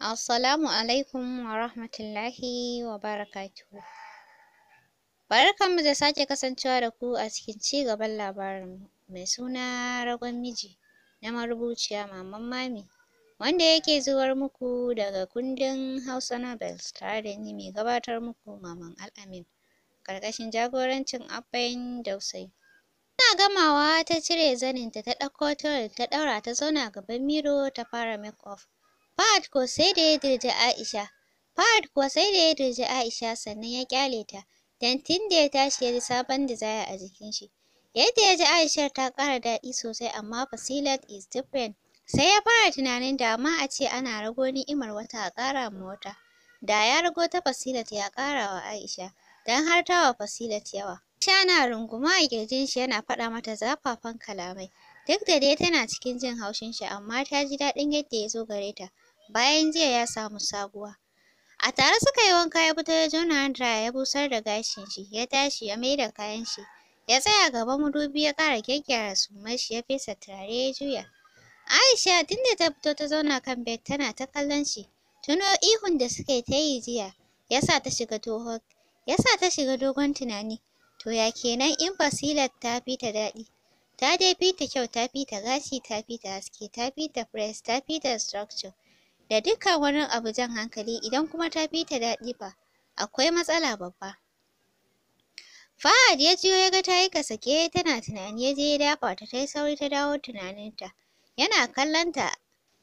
Assalamu alaikum wa rahmatullahi wa barakatuhu. da sake kasancewa da ku a cikin ci gaban labarin. mai suna ragon miji na marubuciya Maman Mami wanda yake zuwar muku daga kundin Hausa Novels tare da ni mai gabatar muku Maman Al'amin ƙarƙashin jagorancin Abbain Dausayi. Ina gamawa ta cire zaninta ta ɗauko ta ɗaura ta zauna gaban miro ta fara make off. Fahad ko sai da ya dirje Aisha. Fahad kuwa sai da ya dirje Aisha sannan ya kyale ta, don tun da ya tashi ya ji sabon desire a jikin shi. Yadda ya ji aisha ta ƙara daɗi sosai amma Fasilat is different. Sai ya fara tunanin da ma a ce ana rago ni'imar wata a ƙara ma wata. Da ya rago ta Fasilat ya ƙara wa Aisha, don har ta wa Fasilat yawa. Aisha na runguma a ƙirjin shi yana faɗa mata zafafan kalamai. Duk da dai tana cikin jin haushin shi amma ta ji daɗin yadda ya zo gare ta. bayan jiya ya samu sabuwa. A tare suka yi wanka ya fito ya jona handra ya busar da gashin shi, ya tashi ya maida kayan shi, ya tsaya gaban madubi ya ƙara gyaggyara sumar shi ya fesa turare ya juya. Aisha tunda ta fito ta zauna kan bed tana ta kallon shi, tuno ihun da suka yi ta yi jiya, ya sa ta shiga dogon, ya sa ta shiga dogon tunani. To ya kenan in basilat ta fi ta daɗi? Ta dai fi ta kyau, ta fi ta gashi, ta fi ta haske, ta fi ta press, ta fi ta structure. da dukkan wani abu jan hankali idan kuma ta fi ta daɗi fa akwai matsala babba Fahad ya jiyo ya ga ta yi kasake tana tunani ya je ya dafa ta ta yi sauri ta dawo tunaninta yana kallon ta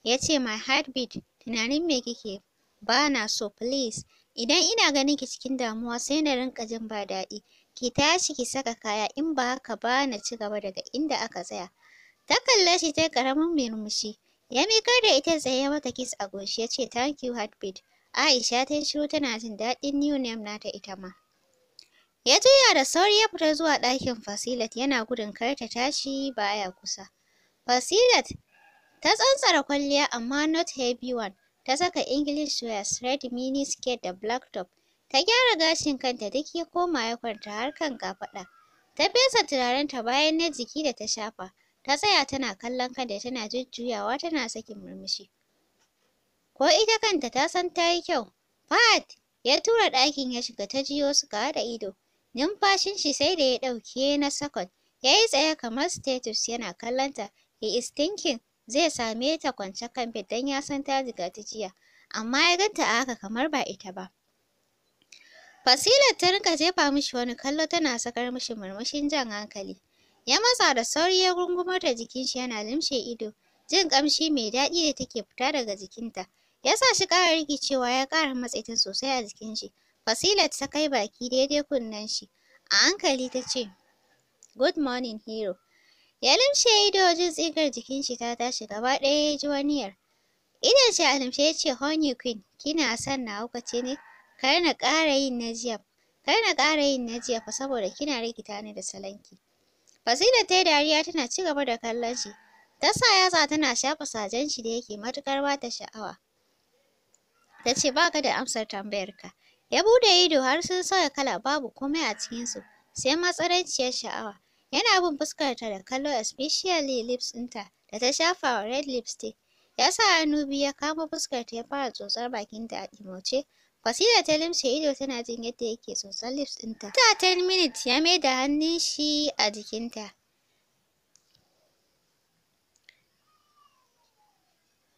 ya ce my heartbeat tunanin me kike ba na so please idan ina ganin ki cikin damuwa sai na rinka jin ba daɗi ki tashi ki saka kaya in ba haka ba na ci gaba daga inda aka tsaya ta kalle shi ta karamin murmushi Ya miƙar da ita tsaye ya mata kiss a goshi ya ce thank you heartbeat. Aisha ta yi shiru tana jin daɗin new name nata ita ma. Ya juya da sauri ya fita zuwa ɗakin Fasilat yana gudun kar ta tashi baya kusa. Fasilat ta tsantsara kwalliya amma not heavy one. Ta saka English wears, red mini skirt da black top. Ta gyara gashin kanta duk ya koma ya kwanta har kan kafaɗa. Ta fesa turarenta bayan na jiki da ta shafa. Ta tsaya tana kallon kanta tana jujjuyawa tana sakin murmushi. Ko ita kanta ta san ta yi kyau. Fahad ya tura ɗakin ya shiga ta jiyo su suka da ido. Numfashin shi sai da ya ɗauke na sakon. Ya yi tsaye kamar status yana kallonta. He is thinking zai same ta kwance kan bed don ya san ta jiga ta jiya. Amma ya ganta a haka kamar ba ita ba. Fasilar ta rinka jefa mishi wani kallo tana sakar mishi murmushin jan hankali. Ya matsa da sauri ya gungumarta ta jikin shi yana limshe ido, jin kamshi mai daɗi da take fita daga jikinta. Ya sa shi ƙara rikicewa ya ƙara matse ta sosai a jikin shi. Fasilat ta kai baki daidai kunnen shi. A hankali ta ce, Good morning, hero. Ya limshe ido wajen tsigar jikin shi ta tashi gaba ɗaya ya ji yar Idan shi a limshe ya ce, Honey Queen, kina son na ce ne? Kar na ƙara yin na Kar na ƙara yin na jiya fa saboda kina rikita ni da salanki. Basira ta yi dariya tana ci gaba da kallon shi. Ta sa yatsa tana shafa sajan shi da yake matuƙar ba ta sha'awa. Ta ce ba ka da amsar tambayarka. Ya bude ido har sun sauya kala babu komai a cikinsu sai matsananciyar sha'awa. Yana bin fuskarta da kallo especially lips ɗinta da ta shafa wa red lipstick. Ya sa hannu biyu ya kama fuskar ta ya fara tsotsar bakinta a ɗimauce. Wasila ta limshe ido tana jin yadda yake tsotsar lips ɗinta. Ta ten minutes ya mai da hannun shi a jikinta.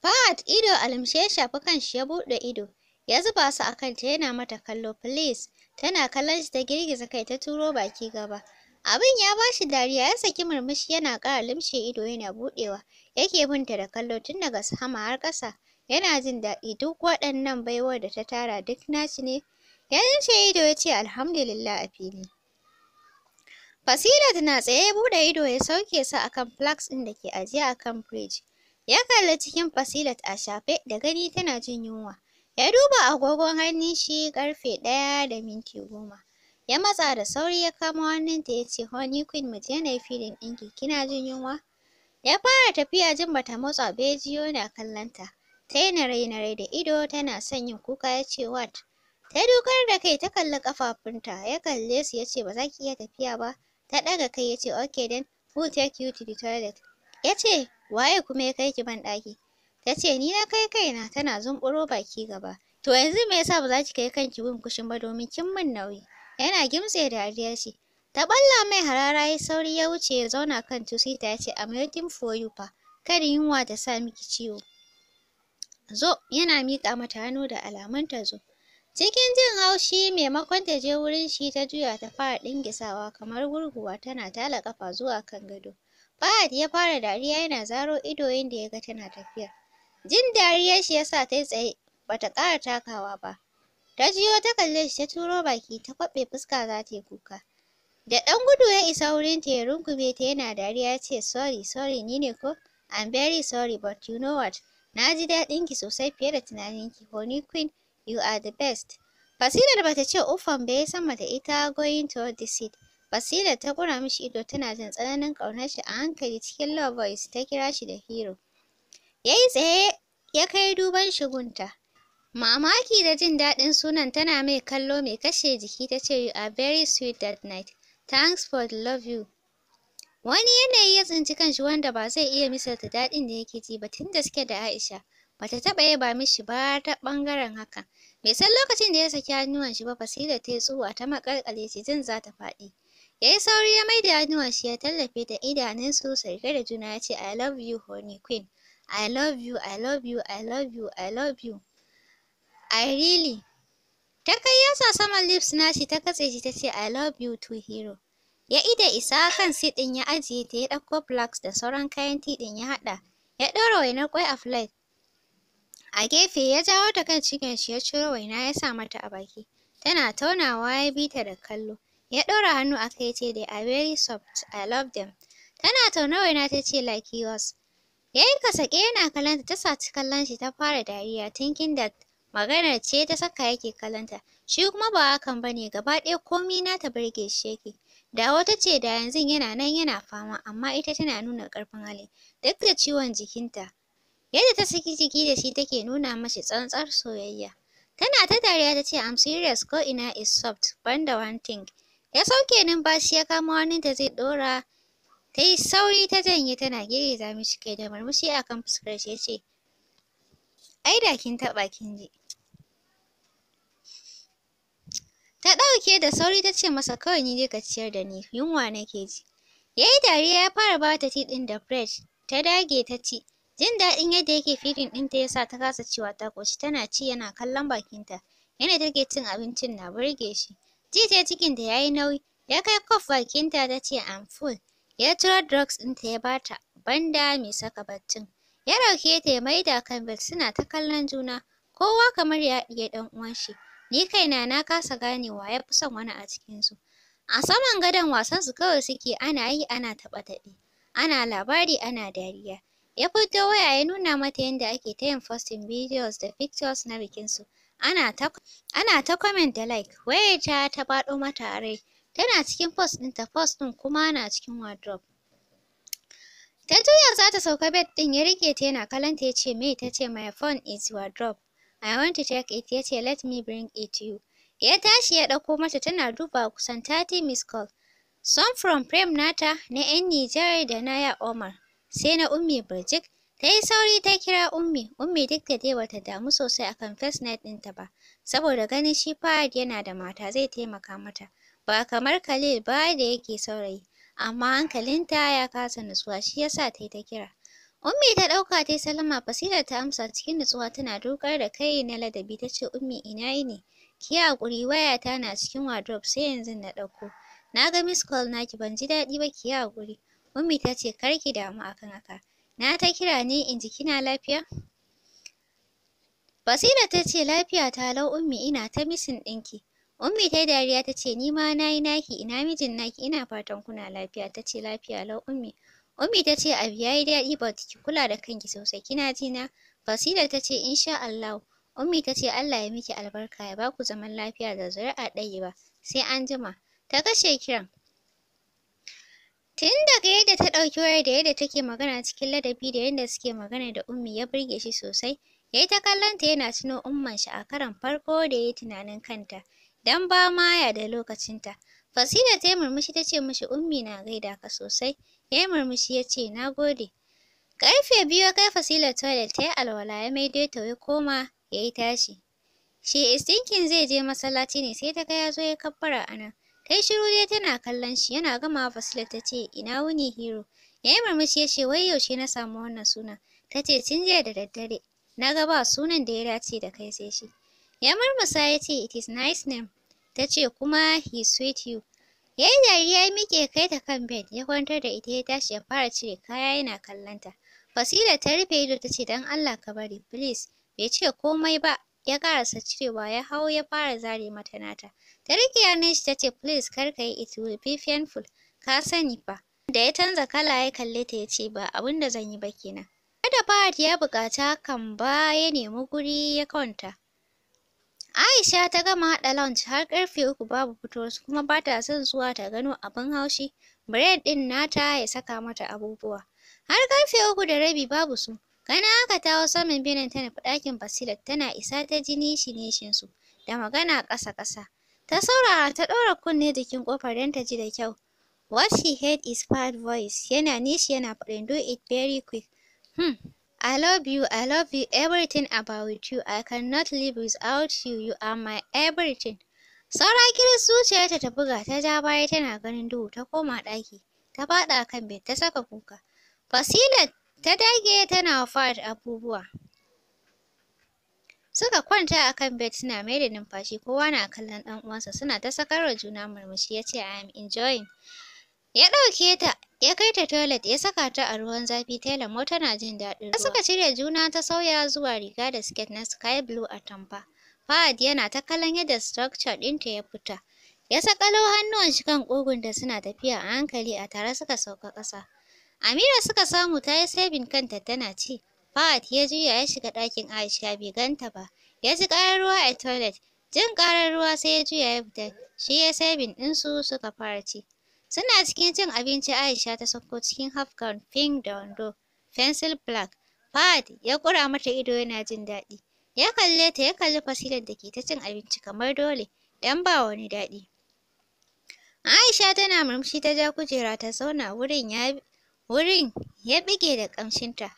Fahad ido a limshe ya shafi shi ya buɗe ido. Ya zuba su a kanta yana mata kallo please. Tana kallon shi ta girgiza kai ta turo baki gaba. Abin ya ba shi dariya ya saki murmushi yana ƙara limshe ido yana buɗewa. Yake binta da kallo tun daga sama har ƙasa. yana jin daɗi duk waɗannan baiwar da ta tara duk nashi ne ya rinse ido ya ce alhamdulillah a fili Fasilat na tsaye ya buɗe ido ya sauke su akan flax ɗin da ke ajiye akan firij ya kalli cikin Fasilat a shafe da gani tana jin yunwa ya duba agogon hannun shi ƙarfe ɗaya da minti goma ya matsa da sauri ya kama hannunta ya ce honey queen mu je na yi filin ɗinki kina jin yunwa ya fara tafiya jin bata motsa ba ya jiyo yana kallon ta Ta yi nare-nare da ido tana son yin kuka ya ce wat. Ta dukar da kai ta kalli kafafunta, ya kalle su ya ce ba za ki iya tafiya ba. Ta ɗaga kai ya ce okay then we'll take you to the toilet. Ya ce waye kuma ya kai ki banɗaki? Ta ce ni na kai kaina tana zumburo baki gaba. To yanzu me yasa ba za ki kai kanki gun kushin ba domin kin min nauyi? Yana gimtse dariya ce. Ta ɓalla mai harara ya sauri ya wuce ya zauna kan tusita ya ce I'm waiting for you fa. Kada yunwa ta sa miki ciwo. zo yana miƙa mata hannu da alamun ta zo cikin jin haushi maimakon ta je wurin shi ta juya ta fara ɗingisawa kamar gurguwa tana tala ƙafa zuwa kan gado Fahad ya fara dariya yana zaro ido da ya ga tana tafiya jin dariyar shi yasa ta yi tsaye bata ƙara takawa ba ta jiyo ta kalle shi ta turo baki ta kwaɓe fuska za ta yi kuka Da ɗan gudu ya isa wurin ta ya rungume ta yana dariya ya ce sorry sorry ni ne ko I'm very sorry but you know what Na ji daɗin ki sosai fiye da tunanin ki. Honey Queen, you are the best. Basirar bata ce ufan ba ya sama da ita going toward the seat. Basirar ta kura mishi ido tana jin tsananin ƙaunar shi a hankali cikin low voice ta kira shi da hero. yayi tsaye ya kai duban shigunta. Mamaki da jin daɗin sunan tana mai kallo mai kashe jiki ta ce you are very sweet that night. Thanks for the love you. Wani yanayi ya tsinci kanshi wanda ba zai iya misalta daɗin da yake ji ba tun da suke da Aisha. Bata taɓa yaba mishi ba ta ɓangaren haka. Bai san lokacin da ya saki hannuwan shi ba Basira ta yi tsuwa ta maƙalƙale shi jin za ta faɗi. Ya yi sauri ya maida hannuwan shi ya tallafe da idanunsu rike da juna ya ce I love you honey queen. I love you, I love you, I love you, I love you. I really. Ta kai yasa saman lips nashi ta katse shi ta ce I love you too hero. Ya ida isa kan sit ɗin ya ajiye ta ya ɗauko blocks da sauran kayan ti din ya haɗa. Ya ɗora waina ƙwai a flight. A gefe ya jawo ta kan cikin shi ya ciro waina ya sa mata a baki. Tana taunawa ya bi ta da kallo. Ya ɗora hannu a kai ce they are very soft. I love them. Tana tauna waina ta ce like yours. Ya yi kasake yana kallonta ta saci kallon shi ta fara dariya thinking that maganar ce ta saka yake kallonta. Shi kuma ba hakan bane gaba ɗaya komai na ta burge shi yake. Dawo ta ce da yanzu yana nan yana fama amma ita tana nuna ƙarfin hali duk da ciwon jikinta. Yadda ta saki jiki da shi take nuna mashi tsantsar soyayya. Tana ta dariya ta ce I'm serious ko ina is soft banda one thing. Ya sauke numfashi ya kama wani da zai ɗora ta yi sauri ta janye tana girgiza mishi kai da murmushi akan fuskar shi ya ce ai da kin taɓa kin ji. Ta ɗauke da sauri ta ce masa kawai ni dai ka ciyar da ni, yunwa nake ji. yayi yi dariya ya fara ba ta ɗin da fresh ta dage ta ci. Jin daɗin yadda yake feeding ɗinta ya sa ta kasa cewa ta ƙoshi tana ci yana kallon bakinta. Yadda take cin abincin na burge shi. Ji ta cikin ya yi nauyi, ya kai kof bakinta ta ce I'm full. Ya ciro drugs ɗinta ya bata, banda mai saka baccin. Ya ɗauke ta ya maida kan bed suna ta kallon juna, kowa kamar ya haɗiye ɗan uwan shi. Ni kaina na kasa ganewa ya fi son wani a cikinsu. A saman gadon wasansu kawai suke ana yi ana taba taɓe ana labari ana dariya. Ya fito waya ya nuna mata yadda ake ta yin posting videos da pictures na bikinsu. Ana ta ana ta comment da like, wayar ta ta faɗo mata a rai. Tana cikin post ɗinta, post ɗin kuma na cikin wardrobe. Ta juya za ta sauka bed ɗin ya riƙe ta yana kallonta ya ce me ta ce my phone is wardrobe. I want to take it ya ce let me bring it to you. Ya tashi ya ɗauko mata tana duba kusan 30 miss call. Some from Prem nata na 'yan Nijar da Naya Omar. Sai na Ummi Birjik ta yi sauri ta kira Ummi. Ummi duk da dai wata damu sosai akan first night ɗinta ba. Saboda ganin shi Fahad yana da mata zai taimaka mata. Ba kamar Khalil ba da yake saurayi. Amma hankalinta ya kasa nutsuwa shi yasa ta yi ta kira. Ummi ta ɗauka tai salama Basira ta amsa cikin nutsuwa tana dokar da kai na ladabi tace Ummi ina yini? Ki haƙuri wayata na cikin wardrobe sai yanzu na ɗauko. Na ga miss call naki ban ji daɗi ba ki haƙuri. Ummi ta kar ki damu akan haka. Na ta kira ne in ji kina lafiya? Basira tace ce lafiya ta lau Ummi ina ta missing ɗinki. Ummi ta dariya tace ce ni ma na naki ina mijin naki ina fatan kuna lafiya ta lafiya lau Ummi. Ummi ta ce abu ya yi daɗi ba ki kula da kanki sosai kina ji na. Basira ta ce insha Allah. Ummi ta ce Allah ya miki albarka ya baku zaman lafiya da zuri'a ɗaya ba. Sai an jima. Ta kashe kiran. Tun daga yadda ta ɗauki wayar da yadda take magana cikin ladabi da yadda suke magana da Ummi ya burge shi sosai. Ya yi ta kallonta yana tuno umman shi a karon farko da ya yi tunanin kanta. Dan ba ma ya da lokacinta. Fasila ta yi murmushi ta ce mishi Ummi na gaida ka sosai. Ya yi murmushi ya ce, na gode. Ƙarfe biyu ya kai fasilar toilet ta yi alwala ya dai ta ya koma ya yi tashi. She is thinking zai je masallaci ne sai ta ga ya zo ya kabbara a nan. Ta yi shiru dai tana kallon shi yana gama fasilar ta ce, ina wuni hero. Ya yi murmushi ya ce, wai yaushe na samu wannan suna. Ta ce, tun jiya da daddare. Na ga ba sunan da ya dace da kai sai shi. Ya murmusa ya ce, it is nice name. Ta ce, kuma he sweet you. Ya yi dariya ya miƙe kai ta kan bed, ya kwantar da ita ya tashi ya fara cire kaya yana kallonta. Fasila ta rufe ido ta ce don Allah ka bari, please. Bai ce komai ba, ya karasa cirewa ya hau ya fara zare mata nata. Ta riƙe hannun shi ta ce please kar ka yi it will be painful. Ka sani fa. Da ya canza kala ya kalle ta ya ce ba abin da zan yi ba kenan. Kada Fahad ya buƙaci hakan ba ya nemi guri ya kwanta. Aisha ta gama haɗa lunch har ƙarfe uku babu fitowarsu kuma ba ta son zuwa ta gano abin haushi bread ɗin nata ya saka mata abubuwa. Har ƙarfe uku da rabi babu su. Ganin haka ta saman benin ta nufi ɗakin Basilat tana isa ta ji nishi su da magana ƙasa-ƙasa. Ta saurara ta ɗora kunne jikin ƙofar don ta ji da kyau. What she heard is bad voice yana nishi yana faɗin do it very quick. Hmm. I love you, I love you, everything about you, I cannot live without you, you are my everything. Saura kiris zuciyarta ta buga ta ja baya tana ganin duhu ta koma ɗaki, ta faɗa kan bed ta saka kuka. Fasila ta dage tana fara abubuwa. Suka kwanta a kan bed suna mai da numfashi kowa na kallon ɗan uwansa suna ta sakarwa juna murmushi ya ce I am enjoying. Ya ɗauke ta Ya kai ta toilet ya saka ta a ruwan zafi ta mo tana jin daɗin ruwa. Suka cire juna ta sauya zuwa riga da siket na sky blue a tamfa. Fahad yana ta kallon yadda structure ɗinta ya fita. Ya sakalo hannuwan shi kan ƙugun da suna tafiya a hankali a tare suka sauka ƙasa. Amira suka samu ta yi saving kanta tana ci. Fahad ya juya ya shiga ɗakin Aisha bai ganta ba. Ya ji ƙarar ruwa a toilet. Jin ƙarar ruwa sai ya juya ya fita. Shi ya sabin ɗinsu suka fara ci. Suna cikin cin abinci Aisha ta sauko cikin half gown pink da wando pencil black. Fahad ya kura mata ido yana jin daɗi. Ya kalle ta ya kalli fasilar da ke ta cin abinci kamar dole dan ba wani daɗi. Aisha tana murmushi ta ja kujera ta zauna wurin ya wurin ya bige da ƙamshinta.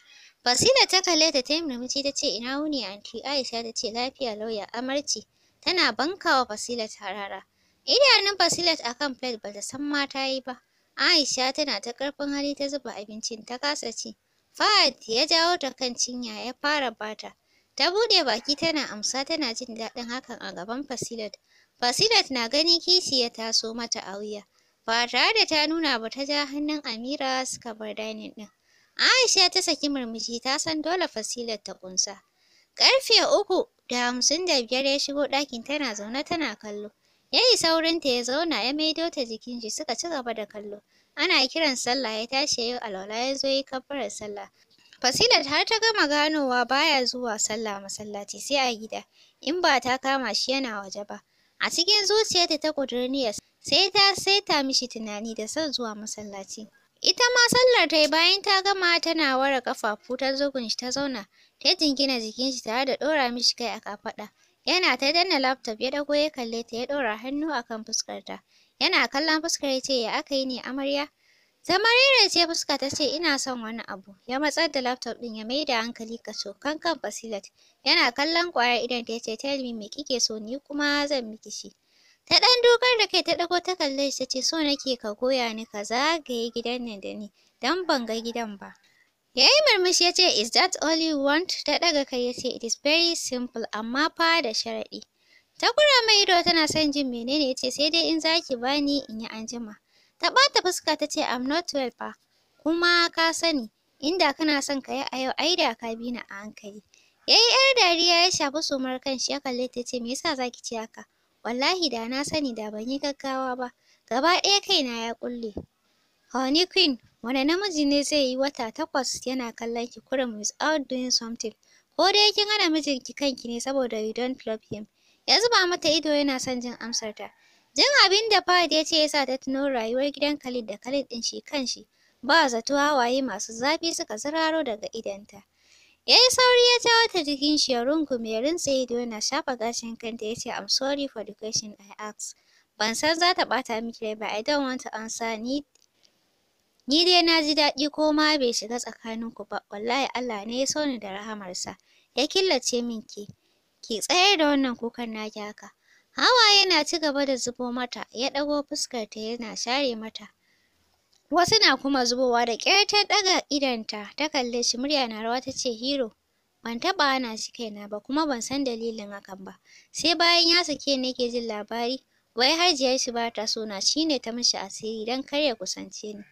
Fasila ta kalle ta ta murmushi ta ce ina wuni anti Aisha ta ce lafiya lauya amarci tana bankawa Fasila harara. Idanun fasilet a kan plate ba san mata ta yi ba. Aisha tana ta ƙarfin hali ta zuba abincin ta kasa ci. Fahad ya jawo ta kan cinya ya fara bata. Ta buɗe baki tana amsa tana jin daɗin hakan a gaban Fasilat. Fasilat na gani kishi ya taso mata a wuya. Ba tare da ta nuna ba ta ja hannun Amira suka bar dining ɗin. Aisha ta saki murmushi ta san dole Fasilat ta ƙunsa. Ƙarfe uku da hamsin da biyar ya shigo ɗakin tana zaune tana kallo. Ya yi saurinta ya zauna ya maido ta jikin shi suka ci gaba da kallo. Ana kiran sallah ya tashi ya yi alwala ya zo yi kafarar sallah. Fasilat har ta gama ganowa baya zuwa sallah masallaci sai a gida in ba ta kama shi yana waje ba. A cikin zuciyarta ta ƙudurniyar sai ta saita mishi tunani da son zuwa masallaci. Ita ma sallar ta bayan ta gama tana ware ƙafafu ta zugun shi ta zauna ta jingina jikin shi tare da ɗora mishi kai a kafaɗa. Yana ta danna laptop ya dago ya kalle ta ya ɗora hannu akan kan fuskarta. Yana kallon fuskar ya ce ya aka yi ne amarya? Tamarira ce fuska ta ce ina son wani abu. Ya matsar da laptop ɗin ya maida hankali kaso kan kan Basilat. Yana kallon ƙwayar idan ta ce tell me me kike so ni kuma zan miki shi. Ta ɗan dukar da kai ta ɗago ta kalle shi ta ce so nake ka goya ni ka zagaye gidan nan da ni don ban ga gidan ba. Ya yi murmushi ya ce, Is that all you want? Ta ɗaga kai ya ce, It is very simple, amma fa da sharaɗi. Ta kura mai ido tana son jin menene ya ce, Sai dai in za ki bani in yi anjima. Ta ɓata fuska ta ce, I'm not well fa. Kuma ka sani, inda kana son ka yi a yau, ai da ka bi ni a hankali. Ya yi ‘yar dariya ya shafi sumar kanshi ya kalli ta ce, Me yasa za ki ci haka? Wallahi da na sani da ban yi gaggawa ba. Gaba ɗaya kaina ya ƙulle. Honey Queen, Wane namiji ne zai yi wata takwas yana kallon ki kurum without doing something? Ko dai kin hana mijinki kanki ne saboda you don't love him? Ya zuba mata ido yana son jin amsar ta. Jin abin da Fahad ya ce ya sa ta tuno rayuwar gidan Khalid da Khalid ɗin shi kanshi. Ba zato hawaye masu zafi suka zararo daga idanta Ya yi sauri ya jawo ta jikin shi ya rungume ya rintse ido yana shafa gashin kanta ya ce I'm sorry for the question I asked. Ban san za ta ɓata miki rai ba I don't want to answer need Ni dai na ji daɗi ko ma bai shiga tsakaninku ba, wallahi Allah ne ya so ni da rahamarsa, ya killace min ke. Ki tsayar da wannan kukan naki haka. Hawa yana ci gaba da zubo mata, ya ɗago fuskarta yana share mata. Wasu na kuma zubowa da ƙyar ta ɗaga idon ta kalle shi murya na rawa ta ce Hero, ban taɓa ana shi kaina ba kuma ban san dalilin hakan ba. Sai bayan ya sake ni ke jin labari, wai hajiyar shi ba ta so na shi ta mishi asiri don kar ya kusance ni.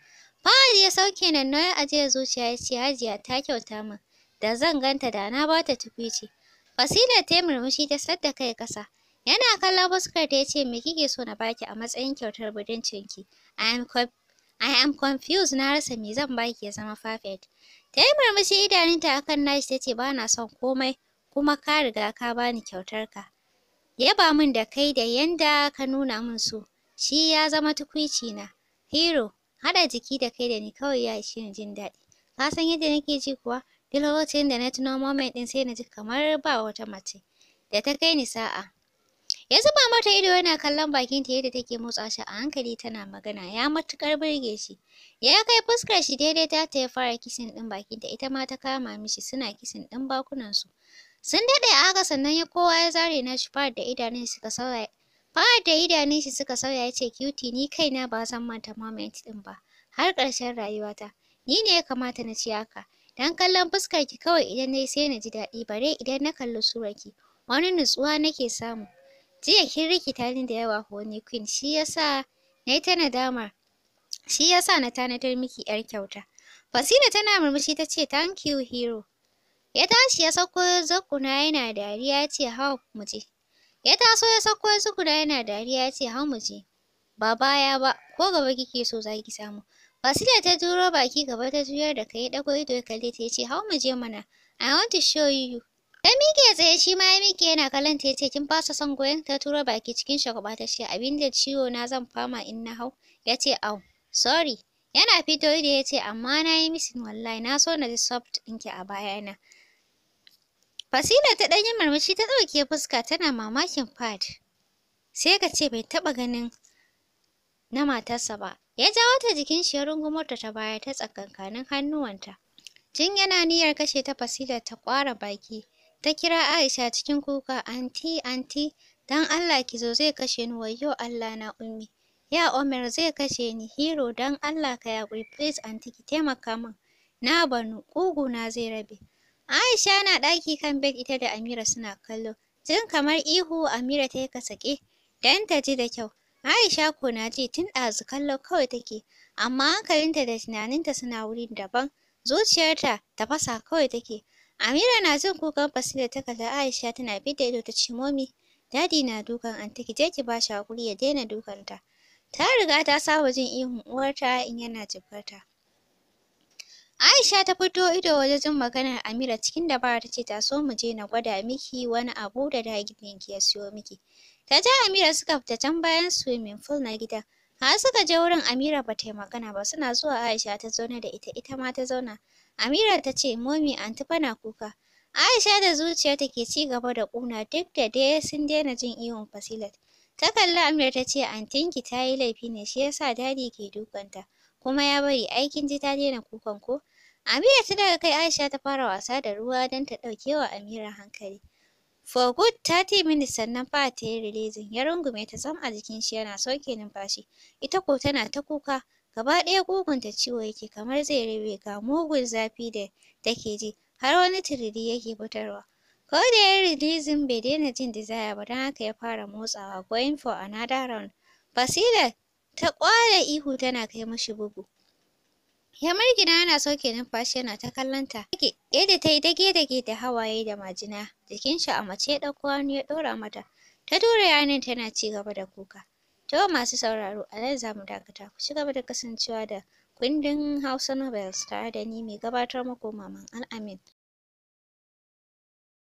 Fahad ya sauke nan na ajiyar zuciya ya ce Hajiya ta kyauta min. Da zan ganta da na bata tukwici. Fasila ta yi murmushi ta sadda kai kasa. Yana kallon fuskar ta ya ce me kike so na baki a matsayin kyautar budincinki? I am I am confused na rasa me zan baki ya zama perfect. Ta yi murmushi idanunta akan nashi ta ce ba na son komai kuma ka riga ka bani kyautarka. Yaba min da kai da yanda ka nuna min so. Shi ya zama tukwici na. Hero Haɗa jiki da kai da ni kawai ya ishe ni jin daɗi. Ka san yadda nake ji kuwa? Duk lokacin da na tuno moment ɗin sai na ji kamar ba wata mace da ta kai ni sa'a. Ya zuba mata ido yana kallon bakin ta yadda take motsa shi a hankali tana magana ya matukar burge shi. Ya kai fuskar shi daidai ta ta ya fara kisin ɗin bakinta ita ma ta kama mishi suna kisin ɗin bakunansu. Sun daɗe a haka sannan ya kowa ya zare na shi fara da idanun suka sauya Fahad da idanun shi suka sauya ya ce cutie ni kaina ba zan manta moment ɗin ba har ƙarshen rayuwata. Ni ne ya kamata na ci haka. Dan kallon fuskar ki kawai idan nayi sai na ji daɗi bare idan na kalli surar ki wani nutsuwa nake samu. Jiya kin rikita ni da yawa Honey Queen shi yasa nayi ta nadama. shi yasa na tanadar miki 'yar kyauta. Fasila tana murmushi ta ce thank you hero. Ya tashi ya sauko zakkuna yana dariya ya ce hau mu je. Ya taso ya sauko ya tsugura yana dariya ya ce hau mu je. Ba baya ba, ko gaba kike so za ki samu. basila ta turo baki gaba ta juyar da kai dago ido ya kalle ta ya ce hau mu je mana. I want to show you. Ta miƙe tsaye shi ma ya miƙe yana kallon ta ya ce kin fasa son goyon ta turo baki cikin shagaba ta ce abin da ciwo na zan fama in na hau. Ya ce au, sorry. Yana fito ido ya ce amma na yi misin wallahi na so na ji soft ɗinki a bayana. Fasila ta ɗan marmashi ta ɗauke fuska tana mamakin Fad. Sai ka ce bai taɓa ganin na matarsa ba. Ya ja wata jikin shi ya rungumar ta ta baya ta tsakankanin hannuwanta. Jin yana niyyar kashe ta Fasila ta ƙwara baki. Ta kira Aisha cikin kuka, "Anti, anti, don Allah ki zo zai kashe ni, wayyo Allah na ummi. Ya Umar zai kashe ni, Hero dan Allah ka yaƙuri, please anti ki taimaka min. Na banu, na zai rabe." Aisha na ɗaki kan bed ita da Amira suna kallo. Jin kamar ihu Amira ta yi kasake Dan ta ji da kyau. Aisha ko na ji tun ɗazu kallo kawai take, amma hankalinta da tunaninta suna wuri daban. Zuciyarta ta fasa kawai take. Amira na jin kukan Basira ta kalli Aisha tana fidda ido ta ce momi dadi na dukan anti ki je ki ba shi haƙuri ya daina dukanta. Ta riga ta saba jin ihun uwarta in yana jibgarta. Aisha ta fito ido waje jin maganar Amira cikin dabara ta ce ta so mu je na gwada miki wani abu da daginki ya siyo miki. Ta ja Amira suka fita can bayan swimming pool na gida. Har suka je wurin Amira ba ta yi magana ba suna zuwa Aisha ta zauna da ita ita ma ta zauna. Amira ta ce momi anti bana kuka. Aisha da zuciyarta ke ci gaba da kuna duk da dai sun daina jin ihun Fasilat. Ta kalli Amira ta ce antinki ta yi laifi ne shi yasa dadi ke dukanta. Kuma ya bari ai kin ji ta daina kukan ko? Amira ta daga kai Aisha ta fara wasa da ruwa don ta ɗauke wa Amira hankali. For good thirty minutes sannan fa ta yi releasing ya rungume ta tsam a jikin shi yana sauke numfashi. Ita ko tana ta kuka gaba ɗaya ƙugunta ciwo yake kamar zai rabe ga mugun zafi da take ji har wani tiriri yake fitarwa. Ko da ya yi releasing bai daina jin desire ba don haka ya fara motsawa going for another round. Basira ta ƙwala ihu tana kai mashi bugu. Ya gina yana sauke numfashi yana ta kallon ta. Yadda ta yi dage-dage da hawaye da majina, jikin shi a mace ya ɗauko hannu ya ɗora mata. Ta tura yanin tana ci gaba da kuka. To masu sauraro, a nan za mu dakata. Ku ci gaba da kasancewa da kundin Hausa Novels tare da ni mai gabatar muku Maman Al'amin.